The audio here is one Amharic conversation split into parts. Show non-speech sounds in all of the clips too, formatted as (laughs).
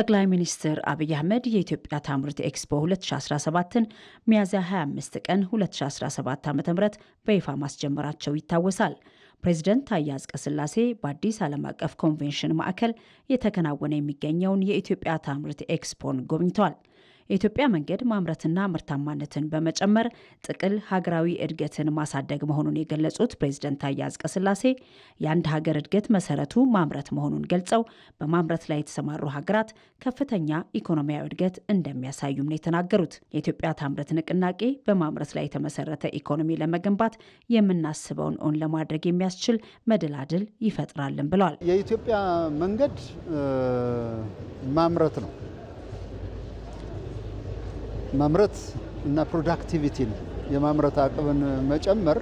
ጠቅላይ ሚኒስትር አብይ አህመድ የኢትዮጵያ ታምርት ኤክስፖ 2017ን ሚያዝያ 25 ቀን 2017 ዓ ም በይፋ ማስጀመራቸው ይታወሳል። ፕሬዚደንት ታዬ አጽቀሥላሴ በአዲስ ዓለም አቀፍ ኮንቬንሽን ማዕከል የተከናወነ የሚገኘውን የኢትዮጵያ ታምርት ኤክስፖን ጎብኝቷል። የኢትዮጵያ መንገድ ማምረትና ምርታማነትን በመጨመር ጥቅል ሀገራዊ እድገትን ማሳደግ መሆኑን የገለጹት ፕሬዝደንት ታዬ አጽቀሥላሴ የአንድ ሀገር እድገት መሰረቱ ማምረት መሆኑን ገልጸው በማምረት ላይ የተሰማሩ ሀገራት ከፍተኛ ኢኮኖሚያዊ እድገት እንደሚያሳዩም ነው የተናገሩት። የኢትዮጵያ ታምረት ንቅናቄ በማምረት ላይ የተመሰረተ ኢኮኖሚ ለመገንባት የምናስበውን ኦን ለማድረግ የሚያስችል መደላድል ይፈጥራልን ብለዋል። የኢትዮጵያ መንገድ ማምረት ነው። ማምረት እና ፕሮዳክቲቪቲን የማምረት አቅምን መጨመር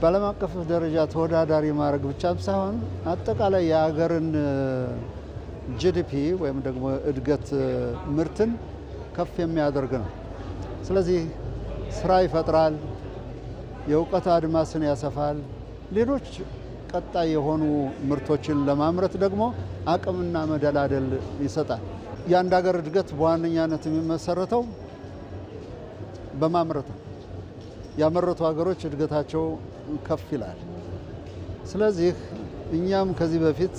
በዓለም አቀፍ ደረጃ ተወዳዳሪ ማድረግ ብቻም ሳይሆን አጠቃላይ የሀገርን ጂዲፒ ወይም ደግሞ እድገት ምርትን ከፍ የሚያደርግ ነው። ስለዚህ ስራ ይፈጥራል፣ የእውቀት አድማስን ያሰፋል፣ ሌሎች ቀጣይ የሆኑ ምርቶችን ለማምረት ደግሞ አቅምና መደላደል ይሰጣል። የአንድ ሀገር እድገት በዋነኛነት የሚመሰረተው በማምረት ነው። ያመረቱ ሀገሮች እድገታቸው ከፍ ይላል። ስለዚህ እኛም ከዚህ በፊት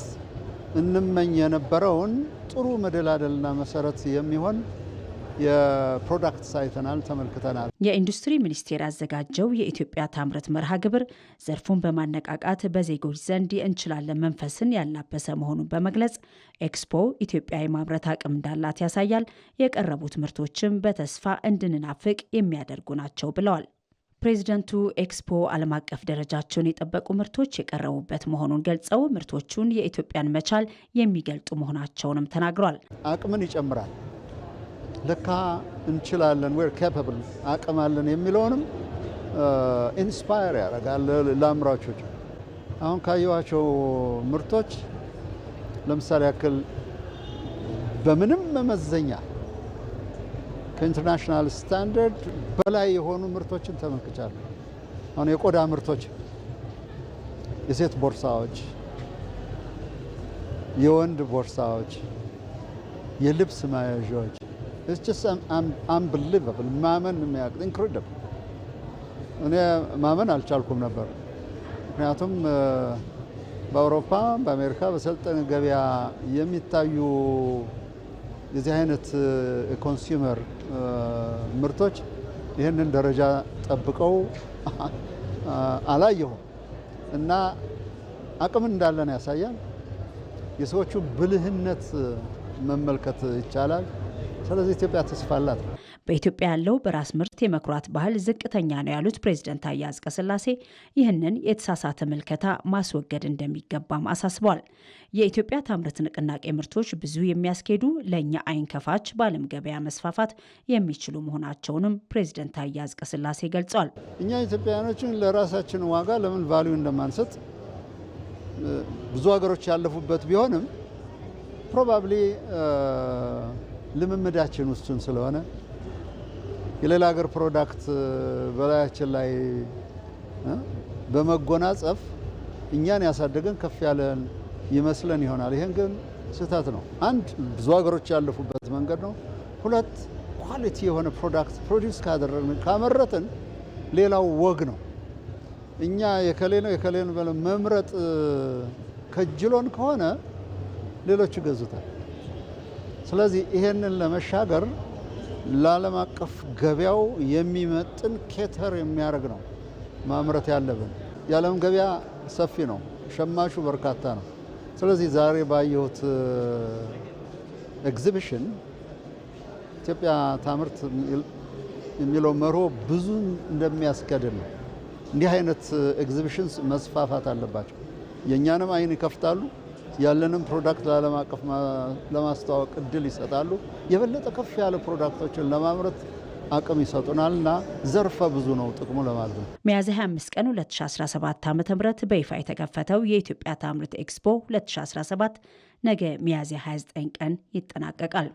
እንመኝ የነበረውን ጥሩ መደላደልና መሰረት የሚሆን የፕሮዳክት ሳይተናል ተመልክተናል። የኢንዱስትሪ ሚኒስቴር ያዘጋጀው የኢትዮጵያ ታምረት መርሃ ግብር ዘርፉን በማነቃቃት በዜጎች ዘንድ የእንችላለን መንፈስን ያላበሰ መሆኑን በመግለጽ ኤክስፖ ኢትዮጵያ የማምረት አቅም እንዳላት ያሳያል፣ የቀረቡት ምርቶችም በተስፋ እንድንናፍቅ የሚያደርጉ ናቸው ብለዋል። ፕሬዚደንቱ ኤክስፖ ዓለም አቀፍ ደረጃቸውን የጠበቁ ምርቶች የቀረቡበት መሆኑን ገልጸው ምርቶቹን የኢትዮጵያን መቻል የሚገልጡ መሆናቸውንም ተናግሯል። አቅምን ይጨምራል ለካ እንችላለን ዌር ካፓብል አቅማለን የሚለውንም ኢንስፓየር ያደርጋል ለአምራቾች። አሁን ካየኋቸው ምርቶች ለምሳሌ ያክል በምንም መመዘኛ ከኢንተርናሽናል ስታንዳርድ በላይ የሆኑ ምርቶችን ተመልክቻለሁ። አሁን የቆዳ ምርቶች፣ የሴት ቦርሳዎች፣ የወንድ ቦርሳዎች፣ የልብስ መያዣዎች ኢትስ ጀስት አንብሊቨብል ማመን የሚያቅት ኢንክሬዲብል። እኔ ማመን አልቻልኩም ነበር። ምክንያቱም በአውሮፓ በአሜሪካ በሰልጠን ገበያ የሚታዩ የዚህ አይነት የኮንሱመር ምርቶች ይህንን ደረጃ ጠብቀው (laughs) አላየሁም እና አቅም እንዳለን ያሳያል። የሰዎቹ ብልህነት መመልከት ይቻላል። ስለዚህ ኢትዮጵያ ተስፋ አላት። በኢትዮጵያ ያለው በራስ ምርት የመኩራት ባህል ዝቅተኛ ነው ያሉት ፕሬዚደንት ታዬ አጽቀሥላሴ ይህንን የተሳሳተ ምልከታ ማስወገድ እንደሚገባም አሳስቧል። የኢትዮጵያ ታምርት ንቅናቄ ምርቶች ብዙ የሚያስኬዱ ለእኛ አይን ከፋች በዓለም ገበያ መስፋፋት የሚችሉ መሆናቸውንም ፕሬዚደንት ታዬ አጽቀሥላሴ ገልጸዋል። እኛ ኢትዮጵያውያኖችን ለራሳችን ዋጋ ለምን ቫሊዩ እንደማንሰጥ ብዙ ሀገሮች ያለፉበት ቢሆንም ፕሮባብሊ ልምምዳችን ውስን ስለሆነ የሌላ ሀገር ፕሮዳክት በላያችን ላይ በመጎናጸፍ እኛን ያሳደገን ከፍ ያለን ይመስለን ይሆናል። ይሄን ግን ስህተት ነው። አንድ ብዙ ሀገሮች ያለፉበት መንገድ ነው። ሁለት ኳሊቲ የሆነ ፕሮዳክት ፕሮዲውስ ካደረግን ካመረትን ሌላው ወግ ነው። እኛ የከሌ ነው የከሌ ነው መምረጥ ከጅሎን ከሆነ ሌሎቹ ይገዙታል። ስለዚህ ይሄንን ለመሻገር ለዓለም አቀፍ ገበያው የሚመጥን ኬተር የሚያደርግ ነው ማምረት ያለብን። የዓለም ገበያ ሰፊ ነው፣ ሸማቹ በርካታ ነው። ስለዚህ ዛሬ ባየሁት ኤግዚቢሽን uh, ኢትዮጵያ ታምርት የሚለው መርሆ ብዙ እንደሚያስገድል ነው። እንዲህ አይነት ኤግዚቢሽንስ uh, መስፋፋት አለባቸው። የእኛንም አይን ይከፍታሉ። ያለንም ፕሮዳክት ለዓለም አቀፍ ለማስተዋወቅ እድል ይሰጣሉ። የበለጠ ከፍ ያለ ፕሮዳክቶችን ለማምረት አቅም ይሰጡናል እና ዘርፈ ብዙ ነው ጥቅሙ ለማለት ነው። ሚያዝያ 25 ቀን 2017 ዓ ም በይፋ የተከፈተው የኢትዮጵያ ታምርት ኤክስፖ 2017 ነገ ሚያዝያ 29 ቀን ይጠናቀቃል።